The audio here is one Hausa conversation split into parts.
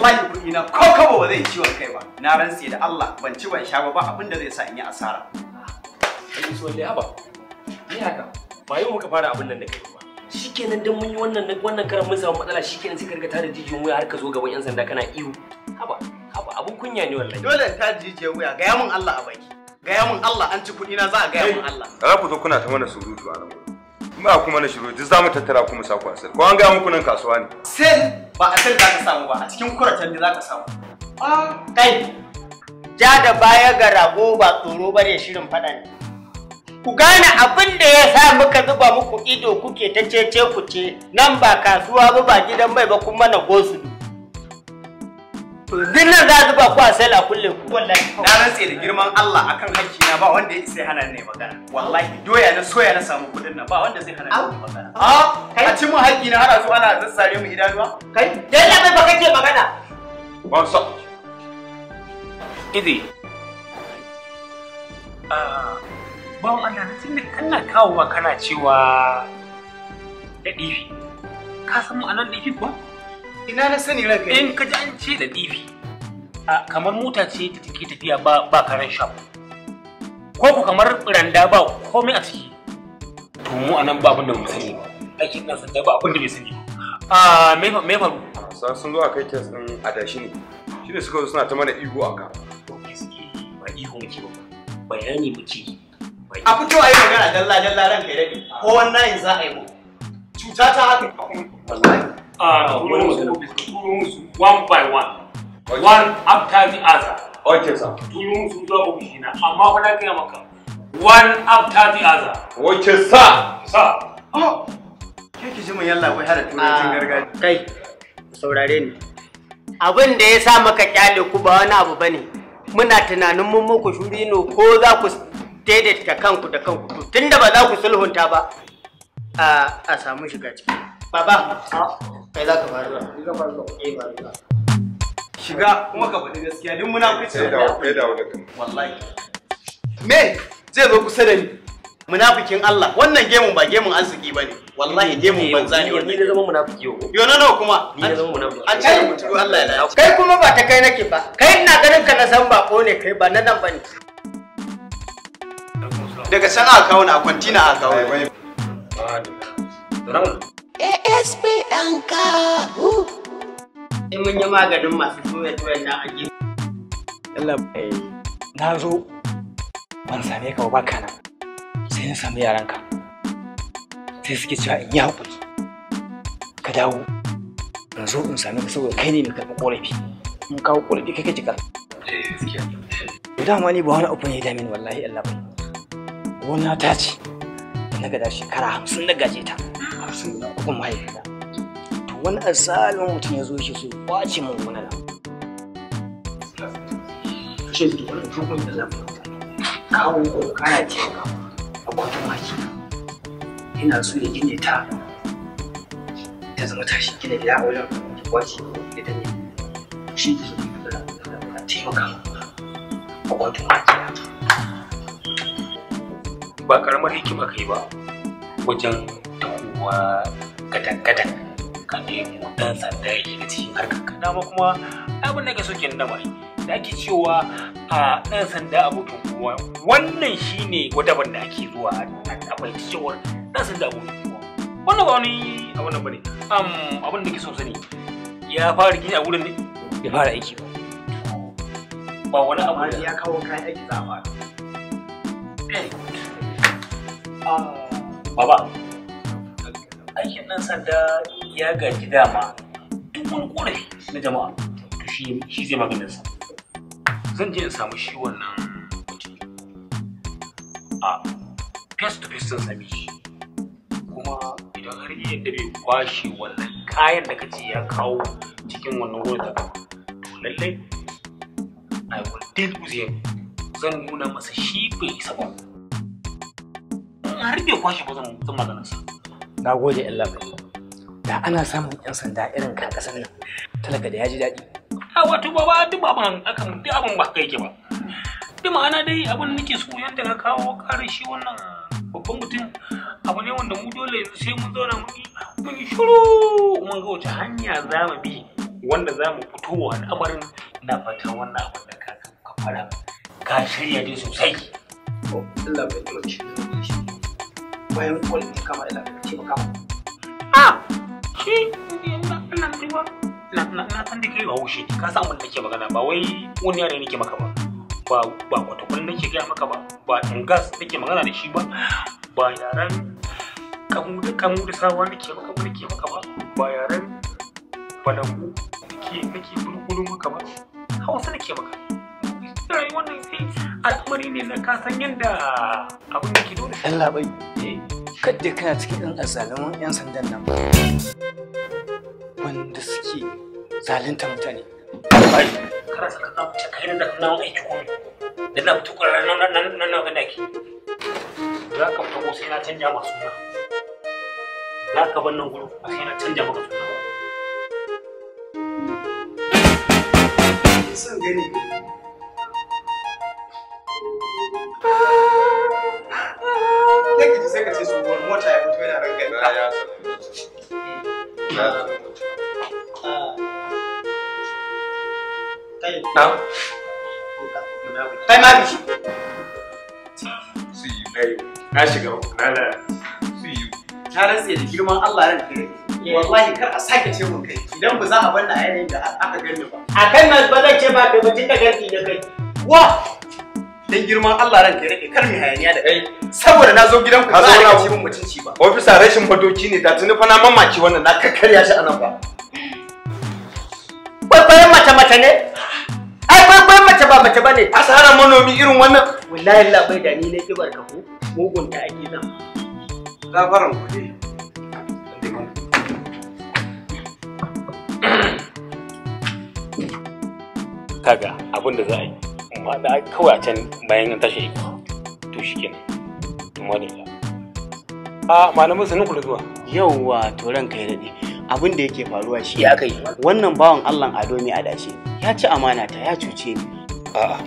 wallahi kuɗi na ko kabo ba zai ciwon kai ba na rantse da Allah ban ci ban sha ba ba abinda zai sa in yi asara kai so dai haba ni haka ba yau muka fara abin nan da kai ba shikenan dan mun yi wannan wannan karan mun samu matsala shikenan sai ka riga tare jijiyoyin wuya har ka zo gaban yan sanda kana iyo haba haba abun kunya ne wallahi dole ta jijiyoyin wuya ga yamin Allah a baki ga yamin Allah an ci kudi na za a ga yamin Allah za ku zo kuna ta mana surutu a nan ba kuma na shiru duk za mu tattara kuma sa ku asir ko an ga muku nan kasuwa ne sai ba a sel za ka samu ba a cikin kuratan za ka samu kai ja da baya ga rago ba tsoro ba ne shirin faɗa ne ku gane abin da ya sa muka zuba muku ido kuke ta cece ku ce nan ba kasuwa ba ba gidan bai ba kuma na gosu Duk nan za zuba ku a sel a kulle ku. Wallahi. Na rantse da girman Allah akan hakki na ba wanda ya isa hana ne, magana. Wallahi doya na soya na samu kuɗin nan ba wanda zai hana ni magana. Ah, a ci mun hakki na har su ana zassare mu idanuwa. Kai dan mai ba kake magana. Ba sa. Idi. Ah. Ba Allah na tunda kana kawowa kana cewa da ɗifi. Ka san ma'anar ɗifi ba? Ina na sani ranka In ka ji an ce da ɗibi, kamar mota ce ta take tafiya ba ba karen shafu. Ko ku kamar randa ba komai a ciki. To mu anan ba abin da mu sani ba. Aikin san da ba abin da bai sani Ah me me faru? Sa sun zo a kai kes din adashi ne. Shi ne suka zo suna ta mana ihu a ka. Ba ihu muke ba. Bayani muke. A fito a yi magana dalla dalla ranka ya dade. Ko wannan za a yi mu. Cuta ta haka. Wallahi. uh, ah, turunsu one by one okay. one after the other okay sir turunsu zuwa ofishina amma fa na gaya maka one after the other okay sir sir oh ke ki ji mun yalla wai har turancin ah. gargajiya kai saurare ni abin da ya sa maka kyale ku ba wani abu bane muna tunanin mun muku shuri ne ko za ku daidaita kanku da kanku to tunda ba za ku sulhunta ba a samu shiga ciki baba ah. kai za ka faru za ka faru shiga kuma ka faɗi gaskiya duk muna kuce da kai da wanda kan wallahi me zai zo kusa da ni munafikin Allah wannan gemun ba gemun arziki bane wallahi gemun banza ne wannan ni zama munafiki yo yo no kuma ni da zama munafiki an ce mutu Allah ya lafiya kai kuma ba ta kai nake ba kai ina ganin ka na san ba ko ne kai ba na nan bane daga san aka kawo na kwantina aka kawo asp ɗanka in mun yi maganin masu juya juya na a gefe Allah bai na zo ban same ka ba kana sai na sami yaranka sai suke cewa in yi haƙuri ka dawo ban zo in same ka saboda kai ne mai karɓar ƙorafi in kawo ƙorafi kai kake karɓa eh, dama ni ba wani abu ne damin wallahi Allah bai gona ta ce na gada shekara hamsin na gaje ta a sani uban mahaifina to wani asalin mutum ya zo shi so kwace mun wani nan ce bi wani tukun da zan kawo ko kana ce a kwatun maki ina so ya gine ta ta zama tashi gina gida a wajen kwace ita ne shi ke so da taimaka a kwatun maki ba karamar hikima kai ba wajen kuma gadan-gadan kan da yake dan sanda yake da cikin harkar ka ma kuma abin da ka so kenan mai da ake cewa a dan sanda abokin kowa wannan shine gwadaban da ake zuwa a bai cewar dan sanda abokin kowa wannan ba wani abin nan bane am abin da ke so sani ya fara gini a wurin ne ya fara aiki ba ba wani abu da ya kawo kayan aiki za a fara eh. ah, Baba, aikin ɗan sanda ya gaji dama duk wani ƙorafi na jama'a to shi zai maganin sa zan je in samu shi wannan mutum a face to face zan sami shi kuma idan har yi yadda bai kwashe wannan kayan da kace ya kawo cikin wannan ruwan da to lallai i will deal with him zan nuna masa shi bai isa ba har bai kwashe ba zan maganin sa na gode Allah kai da ana samun yan sanda irin ka kasan nan talaka da yaji ji daɗi a wato ba ba duk ba ban akan duk abin ba kai ke ba duk ma'ana dai abin nake so yanda ka kawo karin shi wannan babban mutum abu ne wanda mu dole yanzu sai mun zauna mun yi mun yi shiru mun ga wace hanya za mu bi wanda za mu fito wa al'amarin na fata wannan abin da ka fara ka shirya dai sosai. Allah bai bayan wani ta kama ah! ina ce kama a shi ina cewa na na na san da kai ba wuce ka san mun nake magana ba wai wani yare nake maka ba ba ba wata kun nake ga maka ba ba in gas nake magana da shi ba ba yaran kamu da kamu da sawa nake maka ba nake maka ba ba yaran balagu nake nake bulbulu maka ba hausa nake maka rayuwar nan sai al'amari ne na kasan yadda abin da ke dole. Allah bai, eh, kadda kana cikin ɗan azalaman 'yan sandan nan ba. Wanda suke zalunta mutane. Bai, kana saka za mu cika da kuma aiki kuma. Da na fito ƙwararren nan nan nan nan gada ke. Za ka fita ko sai na canja masu suna. Za ka bar nan gudu ko sai na canja maka suna. Son gani. mota Na shiga Su yi. da girman Allah ran Wallahi kar a sake ce mun kai. Idan ba za a bar na yanayin da aka gani ba. A kan nan ba zan ce ba kai ba tun gani da kai. Wa! dan girman Allah ranka ya rike kar mi hayaniya da kai saboda na zo gidan ku ba a ci mun mutunci ba officer rashin fadoki ne da tuni fa na mamaki wannan na kakkarya shi anan ba kwaikwayon mace mace ne ai kwaikwayon mace ba mace bane asara manomi irin wannan wallahi la bai da ni ne ki barka ku mugun ta ake nan gafaran ku dai kaga abin da za a yi faɗa kawai a can bayan tashin to shi kenan tumani da a malamin sanin ku da zuwa Yau to ranka kai daɗe abin da yake faruwa shi ya kai wannan bawan allah ado a adashi ya ci amana ta ya cuce ni a'a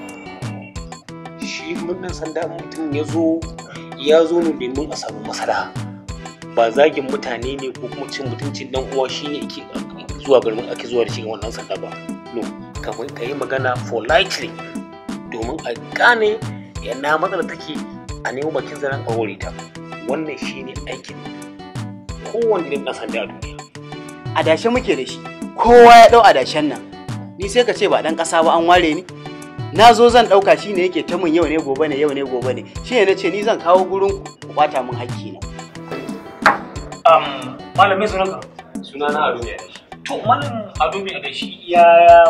shi wannan sanda mutum ya zo ya zo ne domin a samu masara ba zagin mutane ne ko kuma cin mutuncin dan uwa shine yake zuwa garin ake zuwa da shi wannan sanda ba no kamar ka yi magana politely domin a gane yana matsala take a nemo bakin zaren a wuri ta wannan shi ne aikin kowane ne ɗan sanda a duniya adashe muke da shi kowa ya ɗau adashen nan ni sai ka ce ba ɗan ƙasa ba an ware ni na zo zan ɗauka shi ne yake ta mun yau ne gobe ne yau ne gobe ne shi ne na ce ni zan kawo gurin ku ɓata min hakki na. malamin suna na Adamu ya dashi to malamin adumi a dashi ya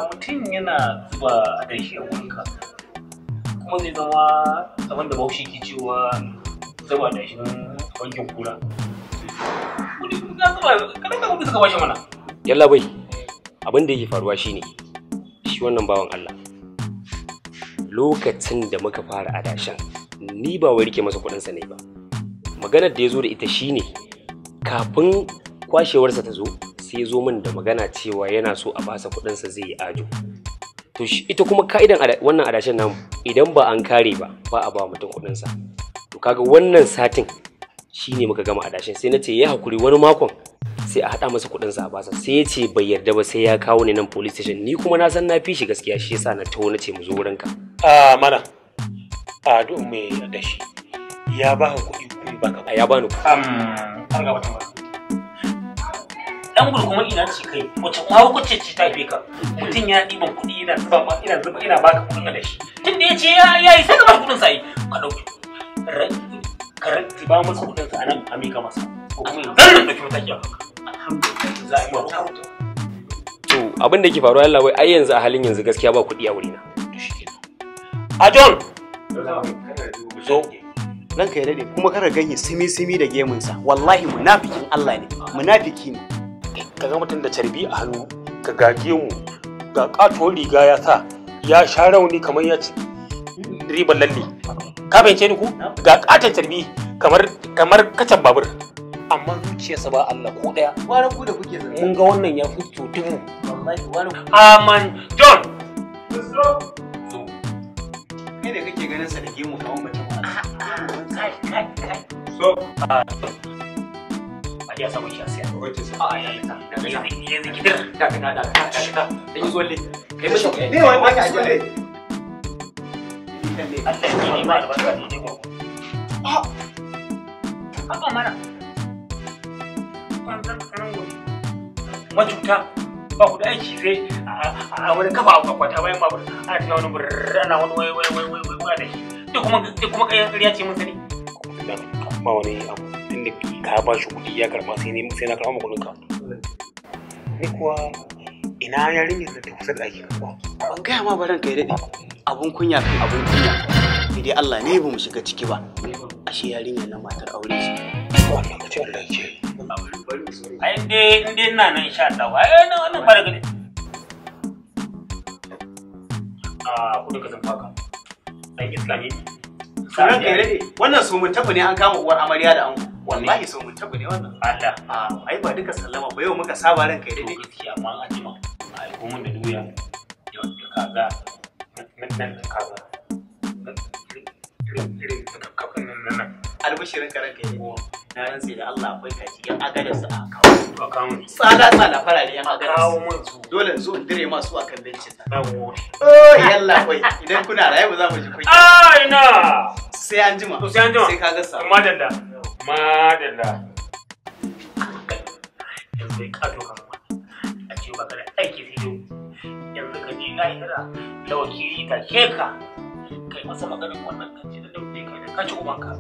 mutum yana zuba dashi a wurinka kuma zai zama abin da ke cewa saboda shi wankin kula, yalla abin da yake faruwa shine shi wannan bawan Allah lokacin da muka fara adashin ni ba wai rike masa kuɗinsa ne ba maganar da ya zo da ita shine kafin kwashewarsa ta zo sai ya zo min da magana cewa yana so a basa kuɗinsa zai yi ajo to ita kuma ka'idan wannan adashin namu idan ba an kare ba ba a ba mutum kuɗinsa to kaga wannan satin shine muka gama adashin sai na ce ya hakuri wani makon sai a haɗa masa kuɗinsa a basa sai yace bai yarda ba sai ya kawo ni nan police station ni kuma na san na fi shi gaskiya shi yasa na taho na mu zo wurinka. a mana a duk mai adashi ya ba ka kuɗi ba ka ya ni kuɗi. an ga wata dan ina ce kai wace ce ta ka mutum ya ɗiban kuɗi ina zuba ma ina zuba da shi tun ce ya yi sai ka ka ɗauki ka ranti ba masa kuɗin sa anan a mika ko kuma zan ɗauki mataki a kanka abin da ke faruwa yalla wai ai yanzu a halin yanzu gaskiya ba kuɗi a na a John zo ranka ya dade kuma kara ganye simi simi da gemunsa wallahi munafikin Allah ne munafiki ne ka ga mutum da carbi a hannu ka gage mu ga katuwar riga ya sa ya sha rauni kamar ya ci ribar lalle ka fahimce ni ku ga katon carbi kamar kamar kacan babur amma zuciyarsa ba Allah ko daya wani ku da kuke zama mun ga wannan ya fi cutin mu wallahi aman john so kai da kake ganin sa da gemu kamar mutum so a samun shi a siya da da ma ba ku da aiki sai a wani kafa a kwata bayan babur ana tuna burr ana wani wai wai wai wai wai da shi duk kuma kayan ƙarya ce mun sani ba wani abu tunda ka ba shi kuɗi ya karɓa sai ne sai na karɓa kuɗin ka ni kuwa ina yarinyar da ta kusa da ake karɓa ban gaya ma ba ranka ya daɗe abun kunya kan abun kunya dai Allah ne ba mu shiga ciki ba ashe yarinyar na matar aure ce wannan kace Allah yake ai dai in dai ina nan insha Allah ai wannan wannan barka ne a kudu ka san faka dan islami ne Sannan kai wannan su mun ne an kama uwar amarya da ango. wallahi so mun tabbata wannan ala ah, ai ba duka sallama ba yau muka saba ranka ya dade ki amma an jima al'umman da doya yau da kaza nan da kaza albashirin ka ranka ya na rantse da Allah akwai kaji yan agadar su a kawo kawo tsada tsada fara ne yan agadar kawo mun su dole zo dire ma masu akan bencin nan oh yalla kai idan kuna raye ba za mu ji kunya ah ina sai an jima to sai an jima sai ka ga sa madalla madalla yanzu ka doka a ce ba da aiki sai yau yanzu ka je na hira da wakili ta ke ka kai masa maganin wannan kanci da dauke kai da kaci ubanka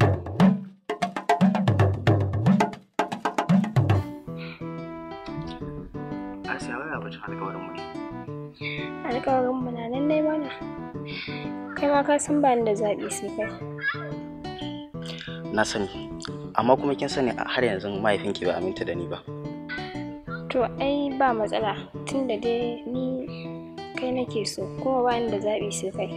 a shawara ba cin alkawarin mu alkawarin mu na nan dai mana kai ma ka san ba ni da zaɓi sai kai na sani amma kuma kin sani har yanzu mahaifinki ba aminta da ni ba to ai ba matsala tunda dai ni kai nake so kuma ba ni da zaɓi sai kai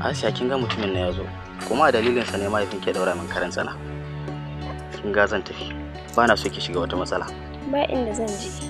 Asiya kin ga mutumin na yazo kuma dalilin sa ne mahaifin ke daura min karan tsana kin ga zan tafi ba na so ki shiga wata matsala ba inda zan je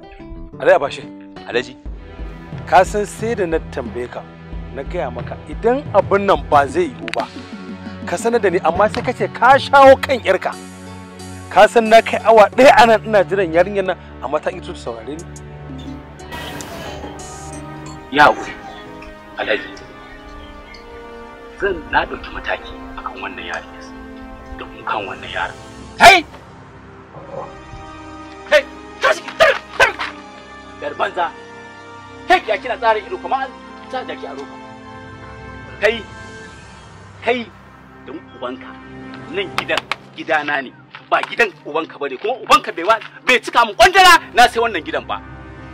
alai bashi alaji ka san sai da na tambaye ka na gaya maka idan abin nan ba zai yiwu ba ka sanar da ni amma sai ka ce ka shawo kan yarka ka san na kai awa ɗaya anan ina jiran yarinyar nan amma ta ito ta saurare ni ya wuri alhaji zan na ɗauki mataki akan wannan yarinyar da kuma kan wannan yaran kai yar banza kai ya kina tsara ido kuma an sa da ki a roka kai kai dan ubanka nan gidan gidana ne ba gidan ubanka bane kuma ubanka bai bai cika mu kwandara na sai wannan gidan ba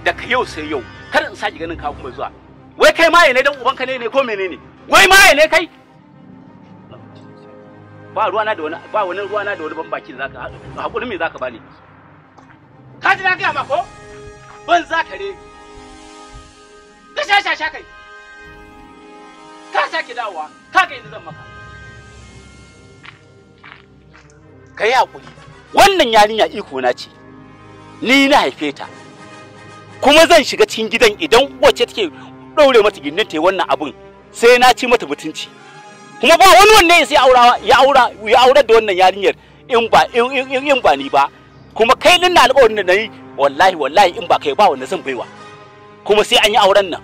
da ka yau sai yau kar in saki ganin ka kuma zuwa wai kai ma ne dan ubanka ne ne ko menene wai ma ne kai ba ruwana da wani ba wani ruwana da wani ban baki da zaka hakuri me zaka bani ka ji na ga ma ko ban za ka sha sha sha kai ka sake dawowa ka ga yadda zan maka ka yi hakuri wannan yarinya iko na ce ni na haife ta kuma zan shiga cikin gidan idan wacce take ɗaure mata gindin ta wannan abin sai na ci mata mutunci kuma ba wani wanne ya sai aurawa ya aura ya aura da wannan yarinyar in ba in ba ni ba kuma kai din na alƙawarin da nayi wallahi wallahi in ba kai ba wanda zan baiwa kuma sai an yi auren nan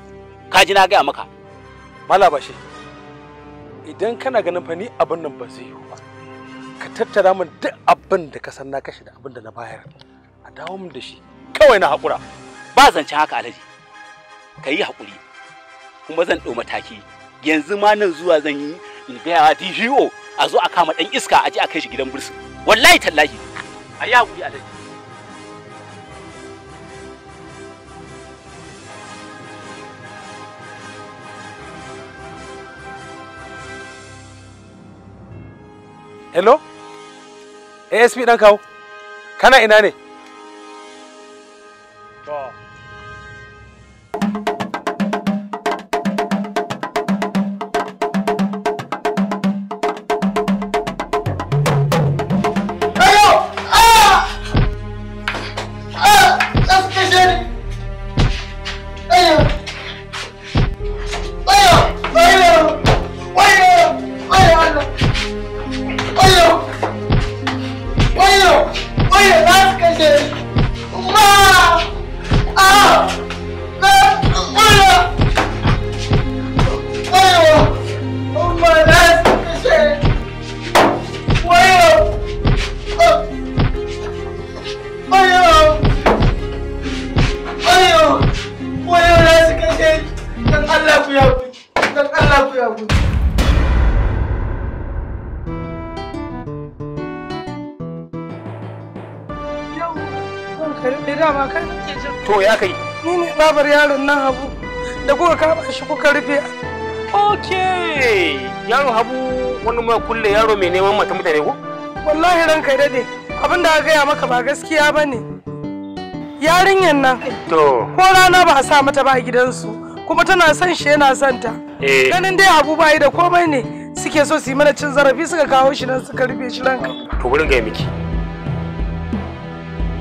ka ji na gaya maka mala bashi idan kana ganin fa ni abin nan ba zai yi ba ka tattara min duk abin da ka san na kashe da abin da na bayar a dawo min da shi kawai na haƙura ba zancen haka alhaji ka yi haƙuri kuma zan ɗau mataki yanzu ma nan zuwa zan yi in gaya DGO a zo a kama ɗan iska a ji a kai shi gidan bursu wallahi tallahi a yi haƙuri alhaji hello asp dan kawo kana ina ne to azabar yaron nan habu da kuka kama shi kuka rufe ok yaron habu wani mai kulle yaro mai neman mata mutane ko wallahi ranka dade abin da aka gaya maka ba gaskiya ba ne yarinyar nan to ko rana ba a sa mata ba a gidansu kuma tana son shi yana son ta eh. ganin dai habu bai da komai ne suke so su yi mana cin zarafi suka kawo shi nan suka rufe shi ranka to gurin ga miki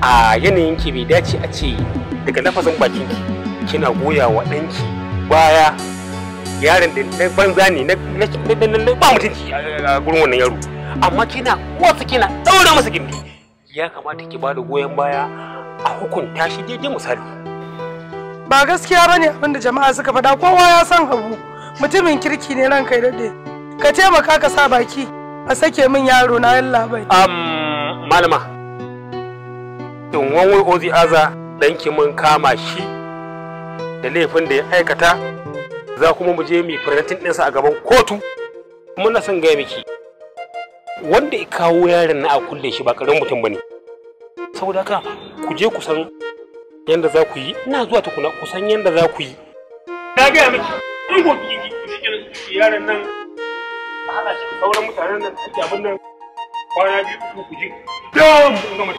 a yanayin ki bai dace a ce daga lafazin bakin ki kina goya wa ɗanki baya yaron da na banza ne na ba mutunci a gurin wannan yaro amma kina wasu kina ɗaura masa gindi ya kamata ki bada goyon baya a hukunta shi daidai misali ba gaskiya bane abinda jama'a suka faɗa kowa ya san habu mutumin kirki ne ranka ya daɗe ka taimaka ka sa baki a sake min yaro na yalla bai malama don wani ozi aza ki mun kama shi da laifin da ya aikata za kuma mu je mu presentin ɗinsa a gaban kotu muna son gaya miki wanda ya kawo yaron na a kulle shi ba karin mutum bane saboda haka ku je ku san yanda za ku yi ina zuwa tukuna ku san yanda za ku yi na gaya miki in gobe shi yaron nan a haɗa shi sauran mutanen nan da abin nan kwana biyu ku ji dam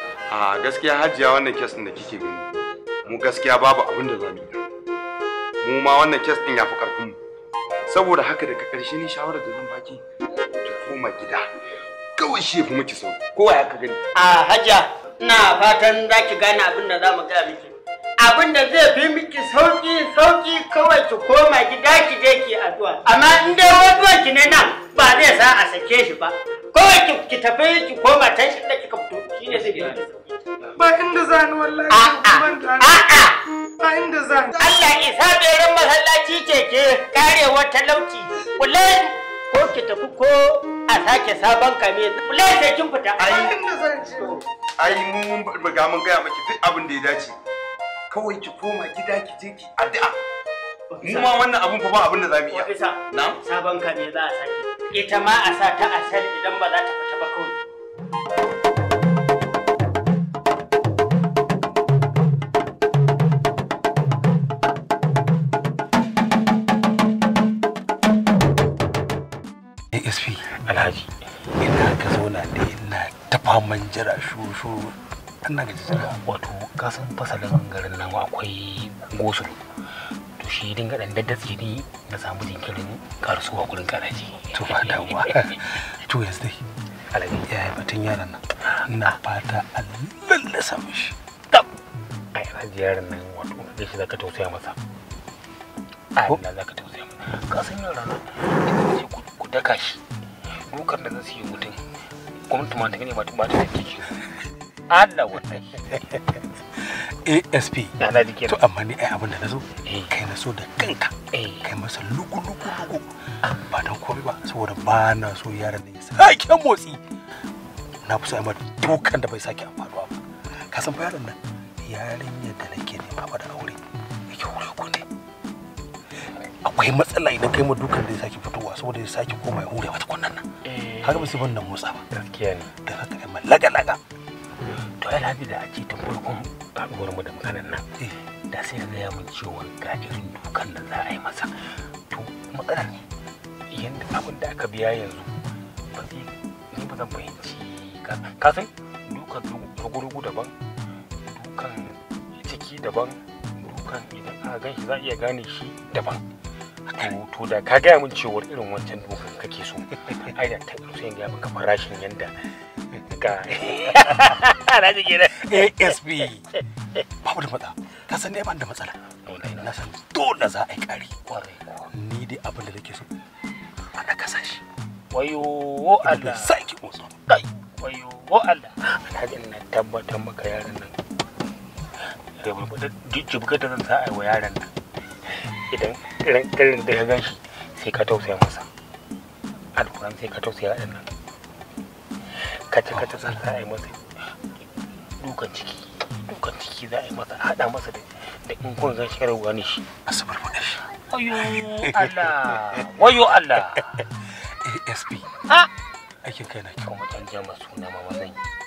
a gaskiya hajiya wannan kes din da kike gani mu gaskiya babu abin da zamu yi mu ma wannan kes din ya fi karfin mu saboda haka daga karshe ni shawarar da zan baki ki koma gida kawai shi fi miki sau kowa ya ka gani a hajiya ina fatan za ki gane abin da za mu gaya miki abin da zai fi miki sauki sauki kawai ki koma gida ki je ki addu'a amma in dai zuwa ki ne nan ba zai sa a sake shi ba kawai ki tafi ki koma tashi da kika fito shine zai fi ba inda za ni wallahi a'a a'a ba inda za ni Allah isa beran masallaci ce ke karewar talauci wallahi ko ki tafi ko a sake sabon kame wallahi sai kin fita ai inda zan ci ai mun ga mun ga miki duk abin da ya dace kawai ki koma gida ki je ki addu'a mu ma wannan abun fa ba abin da za mu iya na'am sabon kame za a sake ita ma a sa ta asali idan ba za ta fita ba kawai dsp alhaji ina ka zauna da ina ta faman jira shuru ana ga jira wato kasan fasalin garin nan akwai gosul to shi dinga dan daddatsi ne na samu jinkirin karsuwa gurin karaji to ba da damuwa to yanzu dai alhaji ya yi batun yaran nan ina fata allah na samu shi ai alhaji yaran nan wato da shi zaka tausaya masa Allah zaka tausaya masa kasan yaran nan daka shi dukar da zan siya mutum gwamnati ma ta gani ba ta ba ta sake shi Allah wallahi ASP to amma ni ai abin da nazo eh. kai na so da kanka eh. kai masa lugu lugu lugu ba dan komai ba saboda ba na so yaran da ya sake motsi na fi so ai dukan da bai sake amfanuwa ba ka san fa yaron nan yarinyar da nake nema ba da aure akwai matsala idan kai ma dukan da ya sake fitowa saboda ya sake koma ya hure wata kunnan nan eh. har ba su ban nan motsa ba gaskiya ne da haka kai laga laga to ai labi da ake tun farkon haɗuwar mu da maganar nan eh. da sai ya gaya min cewa ga irin dukan da za a yi masa to ne yanda abin da aka biya yanzu ba zai ni ba zan fahimci ka san dukan rugu daban dukan ciki daban dukan idan aka gan shi za a iya gane shi daban to da ka gaya min cewar irin wancan dogon kake so ai da ta so yin gaya maka farashin yanda ka na ji gida asp babu da matsala ka san dai ban da matsala na san dole za a yi kari ni dai abin da nake so ana kasa shi wayo Allah sai ki motsa kai wayo wo Allah na ji na tabbatar maka yaran nan da jibuka jibgata zan sa ai wa yaran nan idan irin da ya gan shi sai ka tausaya masa sai ka tausaya ɗan za a yi masa dukan ciki dukan ciki za a yi masa haɗa masa da da in kun zan shi rawa ne shi mu shi wayo Allah wayo Allah ASP a aikin kai na kyau mutan jama suna ma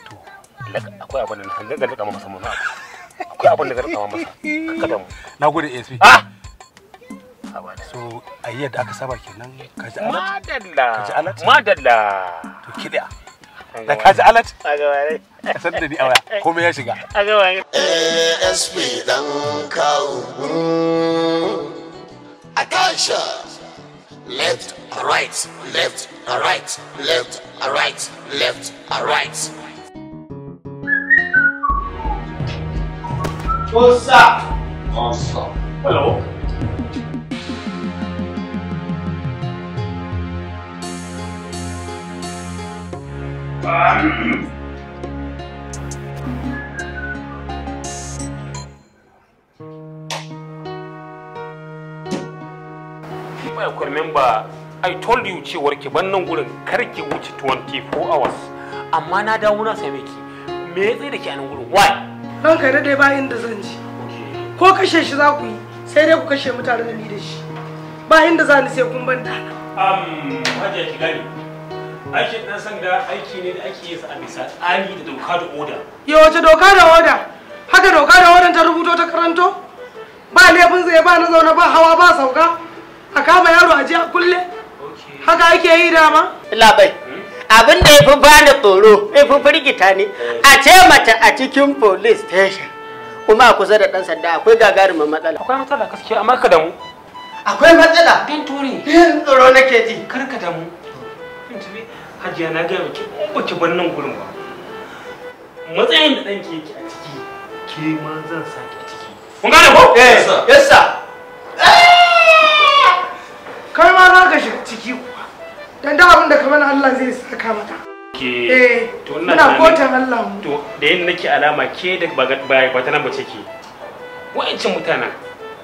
to akwai abin da na san ga masa mun akwai abin da ga masa kada mu nagode ASP ah saba a yi yadda aka saba kenan ka ji alat madalla madalla to da a san da ni a ya shiga a gawarai asp a left right left right left right left right What's up? Hello. remember I told you cewar ki ban nan gurin kar ki wuce 24 hours amma na dawo na same ki me ya tsaye da ke a nan gurin why ranka da dai ba inda zan ji ko kashe shi za ku yi sai dai ku kashe mutane da ni da shi ba inda za ni sai kun ban dana um hajiya ki gani aikin dan sanda aiki ne da ake yi a bisa tsari da doka da oda ya wace doka da oda haka doka da oda ta rubuto ta karanto ba laifin zai ba na zaune ba hawa ba sauka a kama yaro a ji a kulle haka ake yi dama labai abin da ya fi bani tsoro ya fi firgita ne a ce mace a cikin police station kuma a kusa da ɗan sanda akwai gagarumin matsala akwai matsala gaskiya amma ka damu akwai matsala din turi din tsoro nake ji kar ka damu tuntube hajiya na gaya ki bar nan gurin ba matsayin da yake a ciki ke ma zan sa ciki kun gane ko eh. yes sir yes eh! kai ma za ka shiga ciki kuwa dan da abin da kamar Allah zai saka mata ke eh, to ina ina kotan Allah mu to da yin nake alama ke da ba ba ta nan ba ke wa'ancin mutanen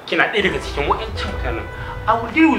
kina ɗaya daga cikin wa'ancin mutanen I will deal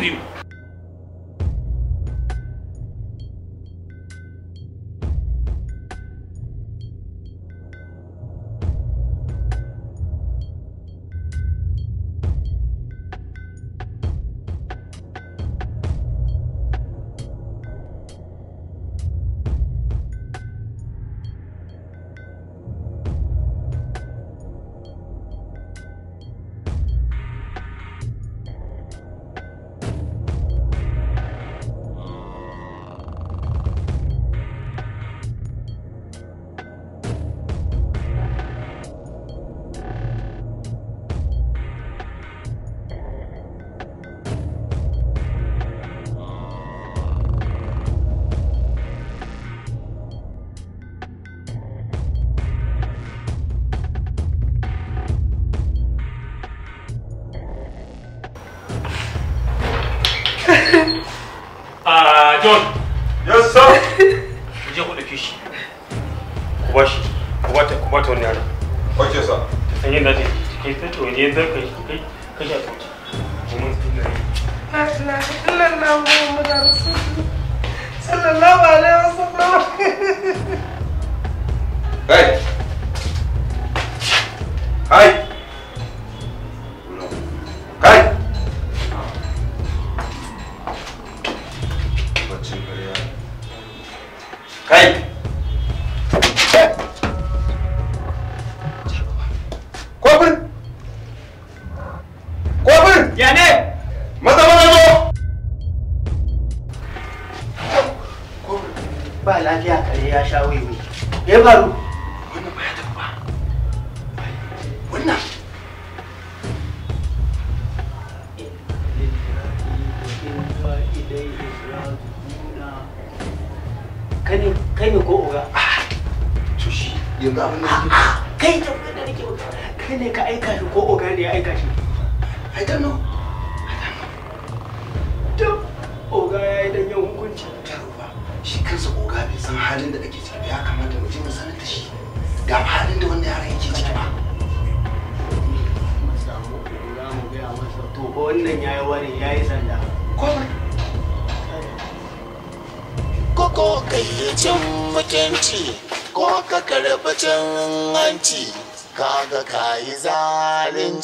ku bashi ku wani sa ta san ta kai ta to ne da kai kai kai kuma sunna la ilaha yi hey hey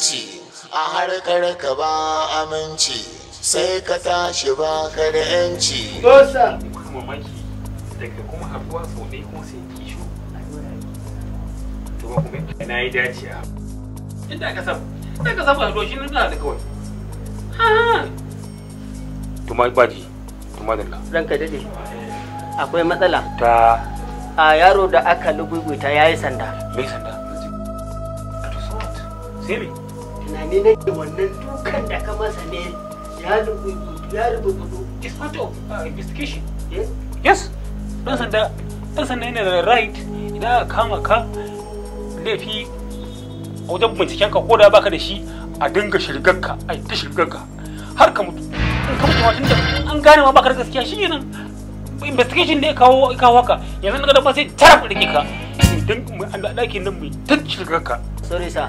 aminci a harkar ka ba aminci sai ka tashi ba ka da 'yanci daga kuma haɗuwa sau ɗaya kuma sai kuma yi dace a inda aka saba inda aka saba haɗuwa shi ne da kawai tuma baji tuma da ranka dade akwai matsala ta a yaro da aka ta yayi sanda me sanda sai tunani na ke wannan dukan da ka masa ne ya rubutu is not of uh, investigation eh? yes yes sanda dan sanda yana da right idan aka kama ka laifi a wajen binciken ka ko da baka da shi a dinga shirgar ka a ta shirgar ka har ka mutu in ka mutu tunda an gane ma baka da gaskiya shi ne investigation da ya kawo kawo ka yanzu daga da ba sai taraf da ke ka idan mu an da ɗakin nan mai ta shirgar ka sorry sir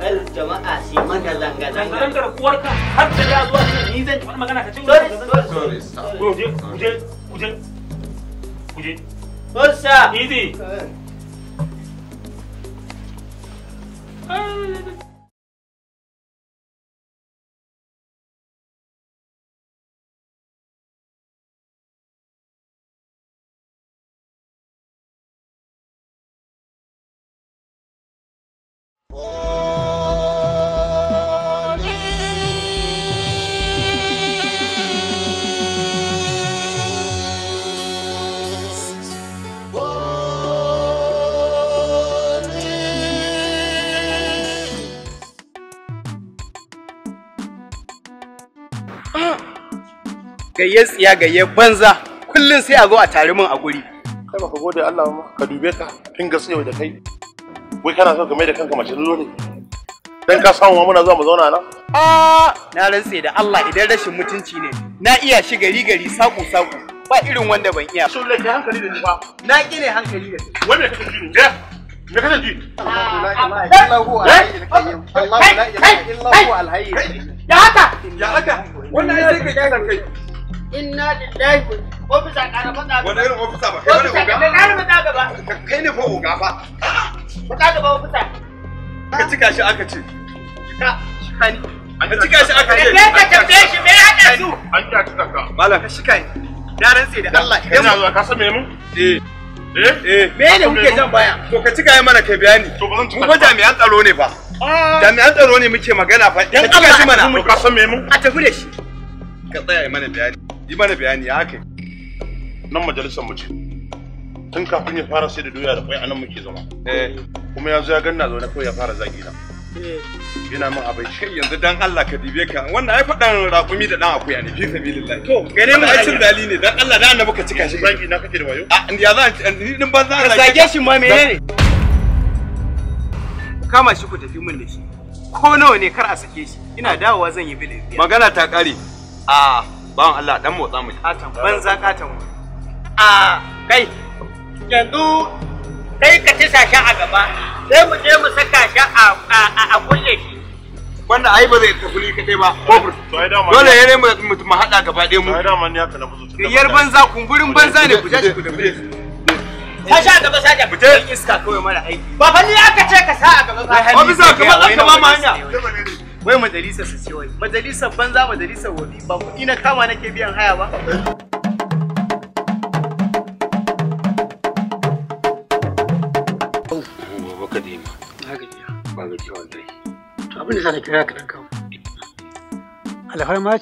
kar jama'a su mana zanga-zanga. Zanga-zangar kuwarka har da ya zuwa ce ni zan faɗi magana ka ce wani zanga kuje, kuje, kuje. Kuje. Kuje. Kuje. Kuje. gayye tsiya gayye banza kullum sai a zo a tare min a guri kai baka gode Allah ma ka dube ka finga tsayo da kai wai kana so ka mai da kanka mace zo ne dan ka samu muna zuwa mu zauna nan a na rantse da Allah idan rashin mutunci ne na iya shi gari gari saku saku ba irin wanda ban iya so lake hankali da ni fa na ki ne hankali da ni wanda kake ji ne me kake ji ya haka ya haka wannan ai sai ka kai inna lillahi ofisa ƙara matsa gaba wani irin ofisa ba kai ne ofisa ƙara matsa gaba kai ne fa oga fa matsa gaba ofisa aka cika shi aka ce ka shani aka cika shi aka ce ka tambaye shi me ya su an ya cika ka malam ka shika ni na rantse da Allah idan ina ka san me mun eh Eh, eh. me ne kuke jan baya? To ka cika yi mana kai bayani. To ba zan cika. Kuma jami'an tsaro ne fa. Ah. Jami'an tsaro ne muke magana fa. Ka cika shi mana. Ka san me A tafi da shi. Ka tsaya yi mana bayani. yi mana bayani ya haka nan majalisar mu ce tun kafin ya fara sai da doya da kwai anan muke zama eh. kuma yanzu ya ganna zaune kawai ya fara zagi na eh. yana min abai kai yanzu dan Allah ka dibe ka wannan ai fadan raƙumi da dan akuya ne fi sabilillah to gane mu ai cin zali ne dan Allah dan annabi ka cika shi zagi na kake da wayo a ya za ni din ban za a zage shi ma menene kama shi ku tafi mun da shi ko nawa ne kar a sake shi ina dawowa zan yi bilin magana ta kare a ah. bawan Allah dan motsa mu katan banza katan a kai yanzu kai ka ci sashen a gaba sai mu je mu saka shi a kulle shi wanda ai ba zai tafi kadai ba dole ne mu mu hada gaba ɗaya mu yar banza kumburin banza ne ku tashi ku da sasha a gaba sasha fita iska kawai mara aiki ba fa ni aka ce ka sa a gaba ba fa ni aka ba wai majalisa su ce wai majalisa banza majalisa wobi ba kuɗi na kama nake biyan haya ba baka da abin da zan kira ka dan kawo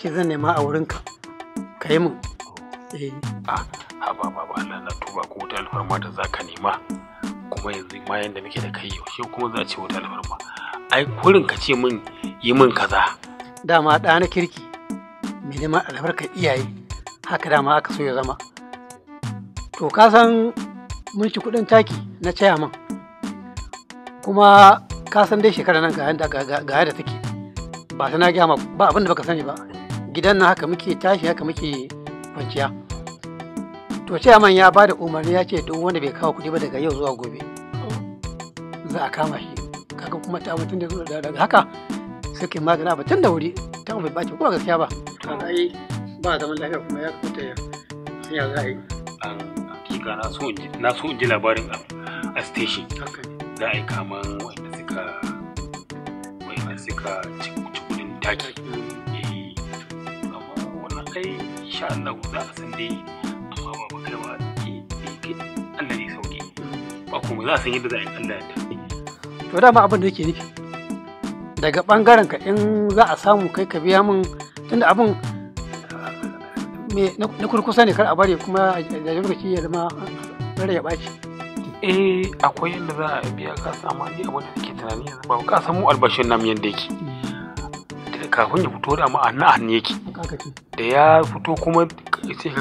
ce zan nema a wurinka ka yi min eh a ba ba ba Allah na tuba ko wata alfarma da zaka nema kuma yanzu ma yanda muke da kai yau kuma za a ce wata alfarma ai kurin ka ce min yi min kaza dama ɗa na kirki mai neman albarkar iyaye haka dama aka so ya zama to ka san mun ci kuɗin taki na chairman kuma ka san dai shekara nan ga yadda take ba ta na gyama ba abin da baka sani ba gidan nan haka muke tashi haka muke kwanciya to chairman ya ba da umarni ya ce duk wanda bai kawo kuɗi ba daga yau zuwa gobe za a kama shi kaga kuma ta mutum da daga haka sai kai magana ba tun da wuri ta bai baci kuma gaskiya ba to ai ba zaman lafiya kuma ya kuta ya za a yi hakika na so in ji labarin a station za a yi kama wanda suka wanda suka cikin taki mm. eh, wannan ai insha Allah za a san dai amma ba ba kai eh, ba eh, Allah ne sauki mm. ba kuma za a san yadda za a yi Allah ya tafi to dama abin da yake nufi daga bangaren ka in za a samu kai ka biya min tunda abin eh, na kurkusa ne kar a bari kuma a lokaci ya zama rare ya ɓaci eh akwai yadda za a biya ka samu ni abin da nake tunani yanzu ba ka samu albashin nam yadda yake kafin ya fito da ma'ana hannu yake da ya fito kuma sai ka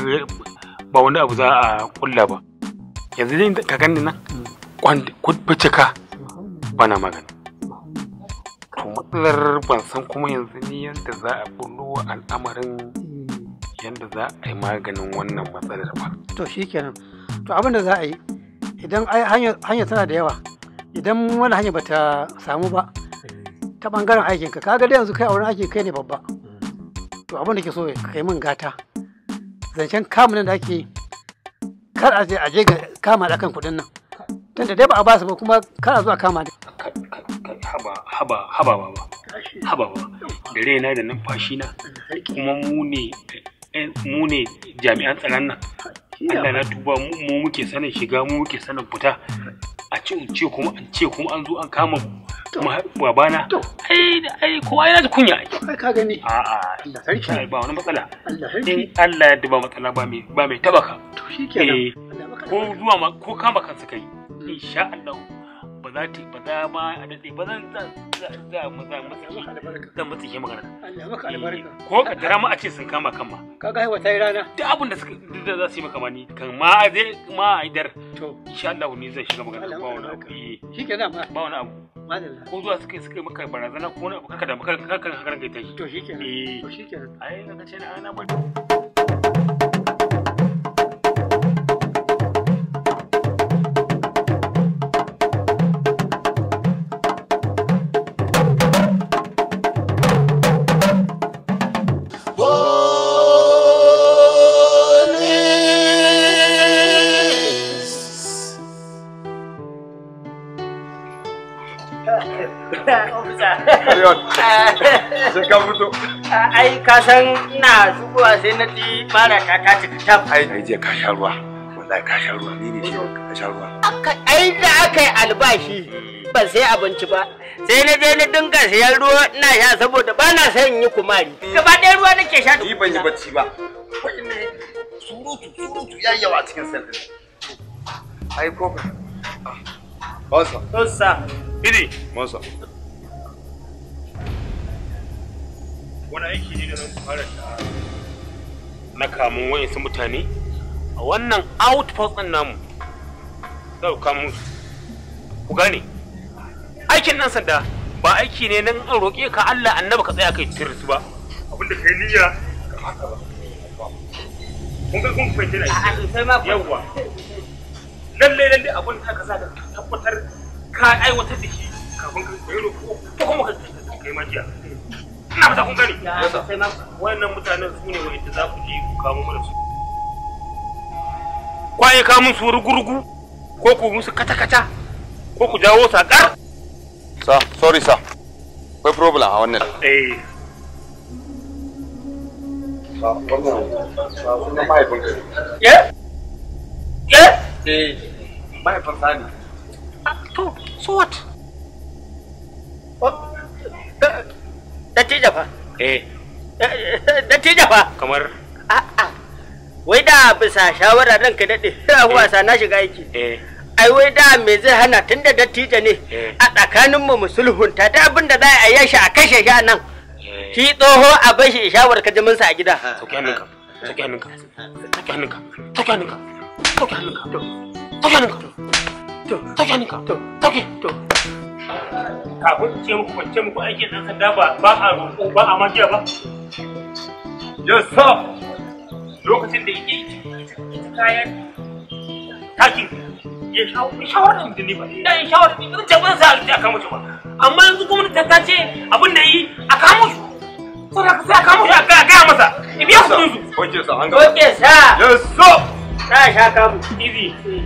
ba wani abu za a kulla ba yanzu dai ka gani nan mm. kwan fice ka bana magana to matsalar ban san kuma yanzu ni yadda za a bullo al'amarin yadda za a yi maganin wannan matsalar ba to shikenan to abin da za a yi idan hanya tana da yawa idan wani hanya bata samu ba ta bangaren aikinka kaga da yanzu kai a wurin aikin kai ne babba to abin da ke so kai min gata zancen kamun da ake kar a je ga kama da kan kudin nan tunda dai ba a ba su ba kuma kar a zuwa kama da haba haba haba baba haba baba da raina da numfashi na kuma eh, mu ne jami'an tsaron nan Allah na tuba mu muke sanin shiga mu muke sanin fita a ce ce kuma an ce kuma an zo an kama babana ai ai kowa yana da kunya ai ka gani a a Allah sarki ba wani matsala Allah in Allah ya duba matsala ba mai ba mai tabaka to shikenan eh, ko zuwa ma ko kama kansa kai insha Allah za ta ba za ma a daɗe ba zan za mu za mu mu tsike magana eh, ko ka tara mu a ce sun kama kan ma ta yi rana duk abin da suka za su yi maka mani kan ma zai ma aidar to insha Allah ni zan shiga magana eh. ba wani abu ba wani abu ko zuwa suka suka maka barazana ko wani abu kaka da kaka kaka kai ta to shikenan eh to shikenan ai na ce na ana Sai Ai, ka san ina zuwa sai na ji ta ta Ai, ai je ka sha ruwa. Wallahi ka sha ruwa. Ni ne shi ka sha ruwa. Ai da aka yi albashi ban sai abinci ba. Sai na je na dinga sayan ruwa na sha saboda ba na son yi kumari. Gaba ɗaya ruwa nake sha. ban yi bacci ba. Surutu surutu cikin Ai ko ba. Bosa. Ah. Bosa. Idi, masa. Wani aiki ne da zan fara ta na kamun wayansu mutane a wannan outpost ɗin namu. Za ku kamun su. Ku gane, aikin ɗan sanda ba aiki ne nan an roƙe ka Allah annaba ka tsaya kai tirsu ba. Abinda kai niyya ka haka ba. Kun ga kun fahimci da shi. Yawwa. Lallai lallai abin da aka sa ka tabbatar ka aiwatar da shi kafin ka koyi roƙo ko kuma ka kai majiya ina fata kun gani wayannan mutanen su ne za ku je ku kamo mana su ka ko ku musu kata-kata ko ku jawo sakar sa sorry sa akwai problem a wannan eh wannan eh eh eh ne ah, to So what? Dattijo fa? Eh. Dattijo fa? Kamar? A'a. Wai da bisa shawara ka daɗe, ina wasa na shiga aiki. Eh. ai wai da me zai hana tun da dattijo ne a tsakanin mu musulhunta da abin da za a yi shi a kashe shi nan ki tsoho a bai shi shawar ka jimin sa a gida sauke hannunka sauke hannunka sauke hannunka sauke hannunka sauke hannunka to tashi ni ka to tashi to kafin ce muku kwance muku aikin ɗan sanda ba ba a roƙo ba a magiya ba yes sir lokacin da yake kayan takin ya shawarar da ni ba inda ya shawarar da ni ba za a kama shi ba amma yanzu gwamnati ta ce abin da yi a kama shi sai a kama shi a gaya masa ibiya su su oke sa an gaba oke sa yes sir ta easy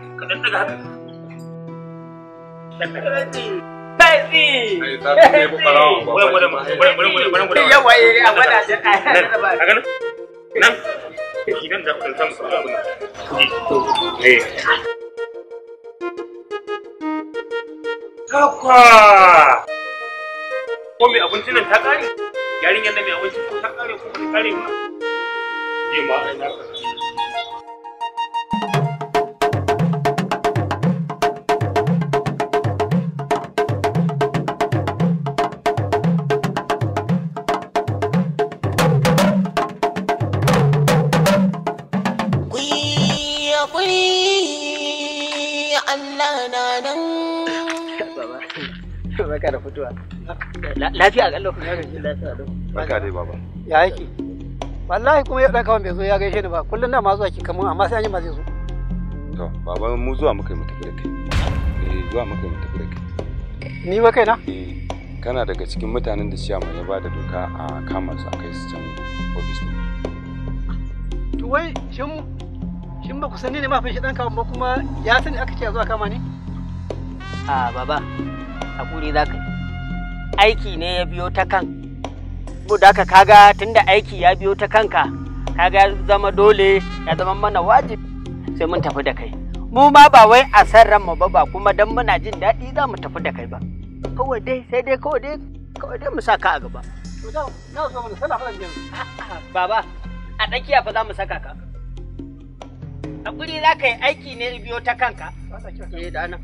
ka dan barka da fitowa. Lafiya ga Allah. Lafiya Barka dai baba. Ya yake. Wallahi kuma yau kawan bai zo ya gaishe ni ba. Kullum na ma zuwa ki amma sai ma zai zo. To baba mu zuwa muka yi mu tafi da kai. Eh zuwa muka yi mu tafi da kai. Ni ba eh, kana daga cikin mutanen da mai ba da doka a kama su a kai su can ofis din. To wai shin shin ba ku sani ne ma fa shi dan kawan ba kuma ya sani aka ce zuwa kama ne? A baba hakuri za ka aiki ne ya biyo ta kan saboda aka kaga tunda aiki ya biyo ta kanka kaga ya zama dole ya zama mana wajibi sai mun tafi da kai mu ma ba wai a san mu ba ba kuma dan muna jin daɗi za mu tafi da kai ba kawai dai sai dai kawai dai kawai dai mu saka a gaba baba a tsakiya fa za mu saka ka hakuri za ka yi aiki ne biyo ta kanka eh da nan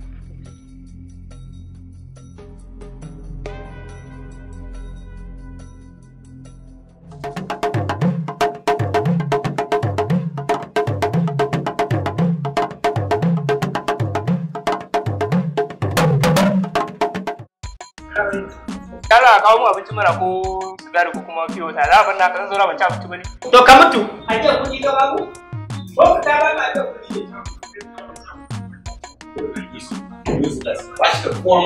kawo mu abinci mana ko sigari ko kuma fiyo ta za a banna kan zauna ban abinci bane to ka mutu a jiya kuɗi ka babu ko ku ta ba ma jiya kuɗi Useless. Watch the form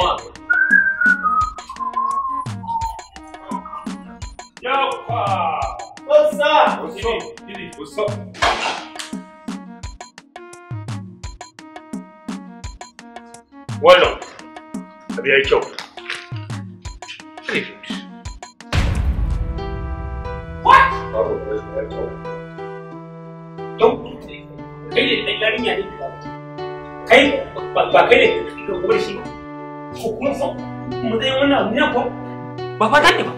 Wannan, abu ya kyau. yarinya ne kai ba kai ne ka gobe shi ba ko kuma fa mu dai wannan abu ne ko ba fata ne ba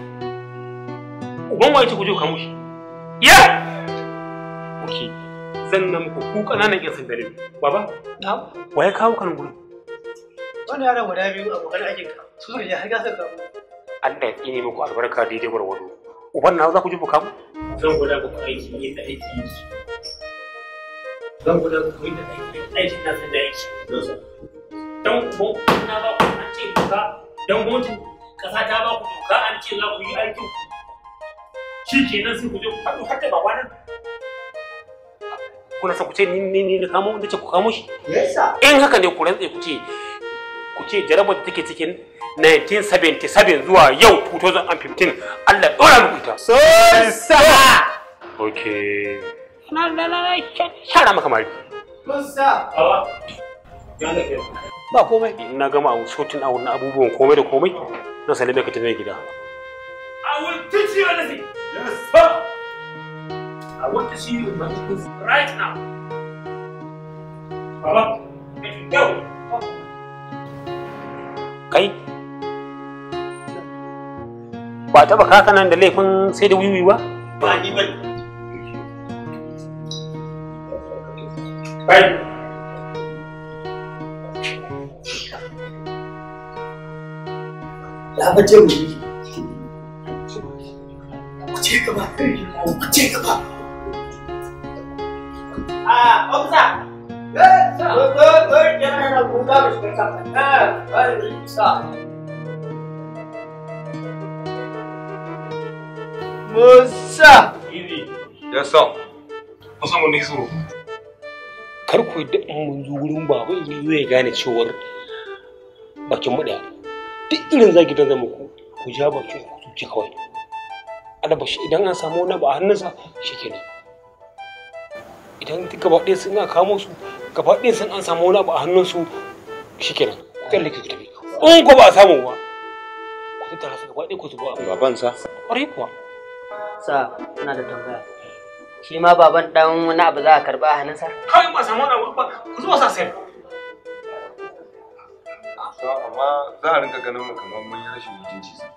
uban waye ta guje ka mushi ya okay zan nan ku ku kananan yan sandare baba na waye kawo kan gurin wani yaran guda biyu abokan aikin ka su ne ya har ga sai ka Allah ya tsine muku albarka daidai gwargwado uban na za ku ji ku kamu zan gwada ku aiki yadda aiki yake zan gudanar da koyi da aikin na san da yake don gwamnati na ba ku an ce doka don gwamnati kasa ta ba ku doka an ce za ku yi aikin shi kenan sai ku je ku faɗo har da ba kwanan kuna sa ku ce ni ni ni kamo da ce ku kamo shi in haka ne ku rantse ku ce ku ce jarabar da take cikin 1977 zuwa yau 2015 Allah ɗora muku ita. Sosa! Okay. na na na shara ba komai na gama a sotin a wani abubuwan komai da komai na salime ka tafi gida right now. Baba, Kai, ba taba kaka nan da laifin sai da wiwi ba? Ba ni ba Kai! Labace mu yi. Ku ce ce Ah, officer! Good, sir. Good, good, good. General, good, good, good, good. Ah, sir. Musa! Easy. Yes, sir. Musa, mun yi kar ku yadda mun zo wurin baban ya zai gane cewar bakin mu daya duk irin zagi da zama ku ku ja bakin ku tuce kawai ba shi idan an samu wani ba a hannunsa shi kenan idan gaba ɗaya sun ga kamo su gaba ɗaya sun an samu wani ba a hannunsu shi kenan kyalle ku tafi in ko ba a samu ba ku tattara su gaba ɗaya ku zuba sa ƙwarai kuwa sa ina da tambaya shi ma baban dan wani abu za a karba a hannunsa kai ba samu da ba ku zo sa sai amma za a rinka ganin mu kamar mun yi rashin mutunci sai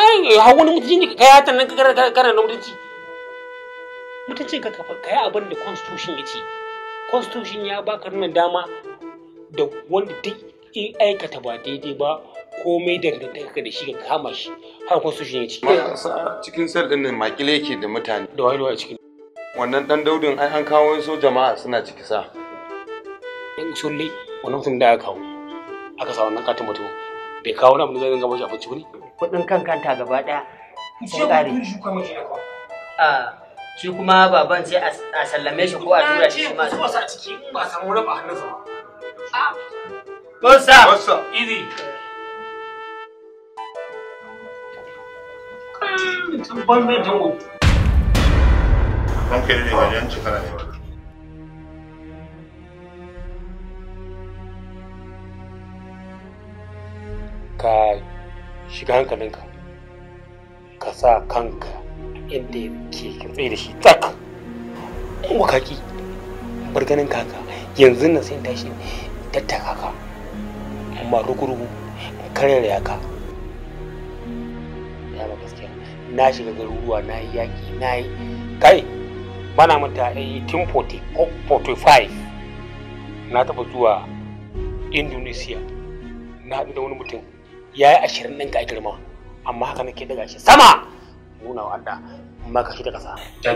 ai ha wani mutunci ne ka ya tannan ka gara na mutunci mutunci ka kafa kai abin da constitution ya ce constitution ya baka nuna dama da wanda duk in aikata ba daidai ba komai dangantaka da shi ka kama shi har constitution ya ce cikin sel din nan makile yake da mutane da wai da cikin wannan dan daudin ai an kawo so jama'a suna ciki sa in culli wannan mutum da aka kawo aka sa wannan katin mutum bai kawo na abin da zai dinga mashi abinci ne kudin kan kanta gaba daya sun kare shi shi kuma a shi kuma baban sai a sallame shi ko a tura shi ma su sa ciki in ba samu raba hannunsa ba Bossa! Bossa! Easy! Kan ban zai tango. non che niente ka shiga hankalinka ka sa kanka inda ke ka da shi tsak in wakaki bar ganin kaka yanzu na sai tashi tattaka ka amma rugurugu kare da yaka ya ba gaskiya na shiga garuruwa na yi yaƙi na yi kai bana manta 1845 na taɓa zuwa indonesia na haɗu da wani mutum ya yi ashirin ɗin ga girma amma haka nake daga shi sama nuna wa Allah amma kashi da ƙasa za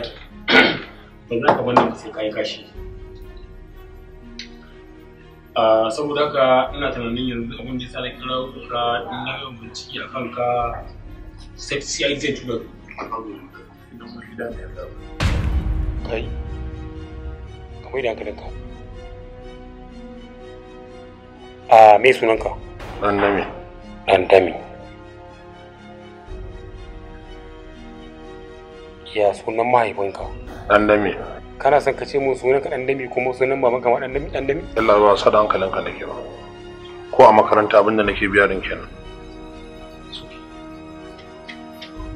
ka haka wannan sai kayi kashi ah, saboda ka ina tunanin yanzu abin da sa na kira ka in na yawan bincike a kanka sai CIZ tura ka idan gida mai ka yi da hankalinka a me sunanka ɗan dami dami ya sunan mahaifinka dan dami kana son ka ce mun sunan ka dan dami kuma sunan baban ka ma ɗan dami dan dami Allah ba sa da ka nake ba ko a makaranta abinda nake biya din kenan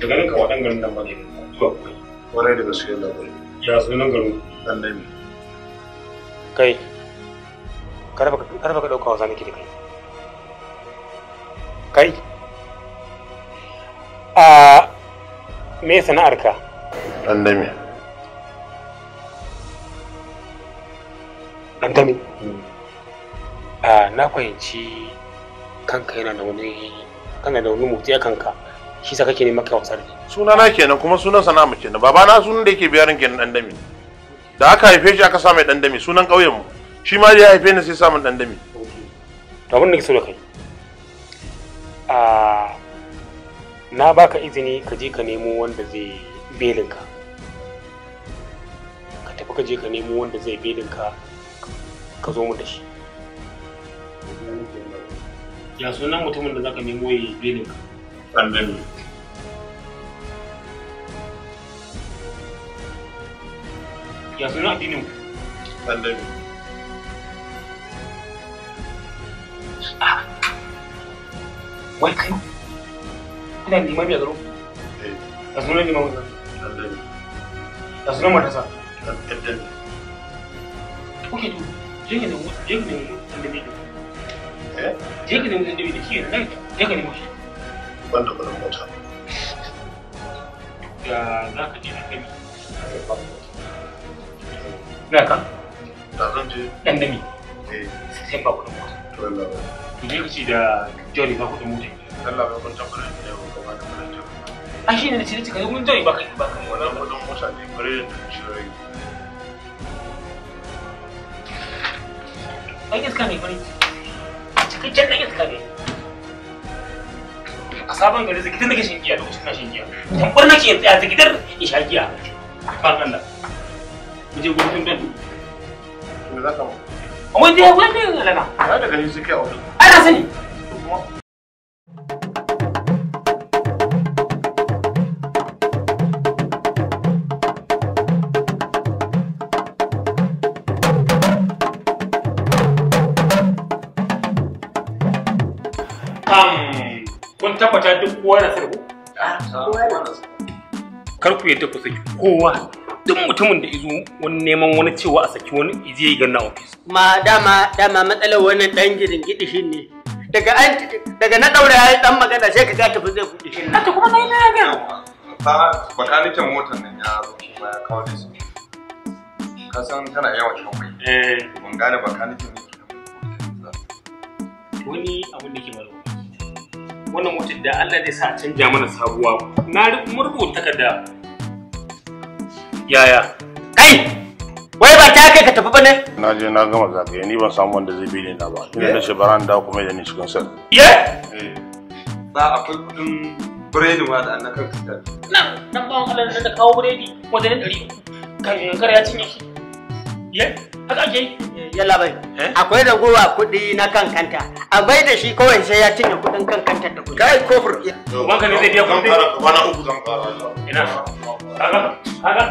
daga nan ka waɗannan nan ba ne zuwa kwarai da gaske yana ya garin kai kar baka dauka wasa nake da kai kai a me hmm. a na fahimci kanka yana da wani kanka da wani kanka shi sa kake neman kai wasa suna na kenan kuma sunan sana mu kenan baba na sunan da yake biyarin kenan dan dami da aka haife shi aka sa mai dan dami sunan kauyen mu shi ma ya haife ni sai sa min dan dami to abin da kike so da kai a na baka izini ka je ka nemo wanda zai belin ka ka tafi ka je ka nemo wanda zai belin ka ka zo mu da shi ya sunan mutumin da zaka nemo ya belin ka annabi ya suna addinin ku annabi wai kai ina liman ya zaro ya suna liman wannan annabi ya suna matasa annabi kuke to jirgin da jirgin da annabi ne jirgin da annabi ne shi ne nan jirgin da shi wanda gudun mota ya za ka je na kai na ka da zan je dan dami eh. sai ba gudun mota to Allah ba to je kace da jori ba gudun mota Allah ba kun tabbata da yau ka ba da mota a shi ne da cire cika mun jori ba kai ba kai wannan gudun mota ne bare da shirai ai iska ne bare cikakken iska ne a sabon gari zakitar nake shan giya lokacin na shan giya tambar nake in tsaya zakitar in sha giya ba nan da mu je gurin dan me sani tabbata duk kowa na Kar ku yadda ku saki kowa duk mutumin da izo wani neman wani cewa a saki wani ije ya ganna ofis. Ma dama dama matsalar wannan dan girin gidi shi Daga an daga na daura yayi dan magana sai ka ga tafi zai kudi shi. A to kuma sai na ga. Ba bakanikin motar nan ya zo shi ma ya kawo da su. Ka san tana yawan shan mai. Eh. Mun gane bakanikin ne. Wani abin da ke wannan mutum da Allah zai sa canja mana sabuwa na rubuta takarda yaya kai wai ba ta kai ka tafi bane na je na gama zagaye ni ban samu wanda zai bi na ba ina da shi eh? baran da kuma da ni cikin sal ye eh. ba akwai kudin biredi ma da annaka ka na nan ba Allah da kawo biredi wajen 100 kan kar ya cinye shi Eh? yi yalla bai eh? akwai ragowa kuɗi na kan kanta a bai da shi kawai sai ya cinye kuɗin kan kanta da kuɗi kai kofur wanka ne zai biya kuɗi kwana uku zan fara ina haka haka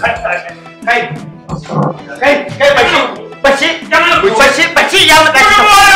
kai kai kai bashi bashi bashi ya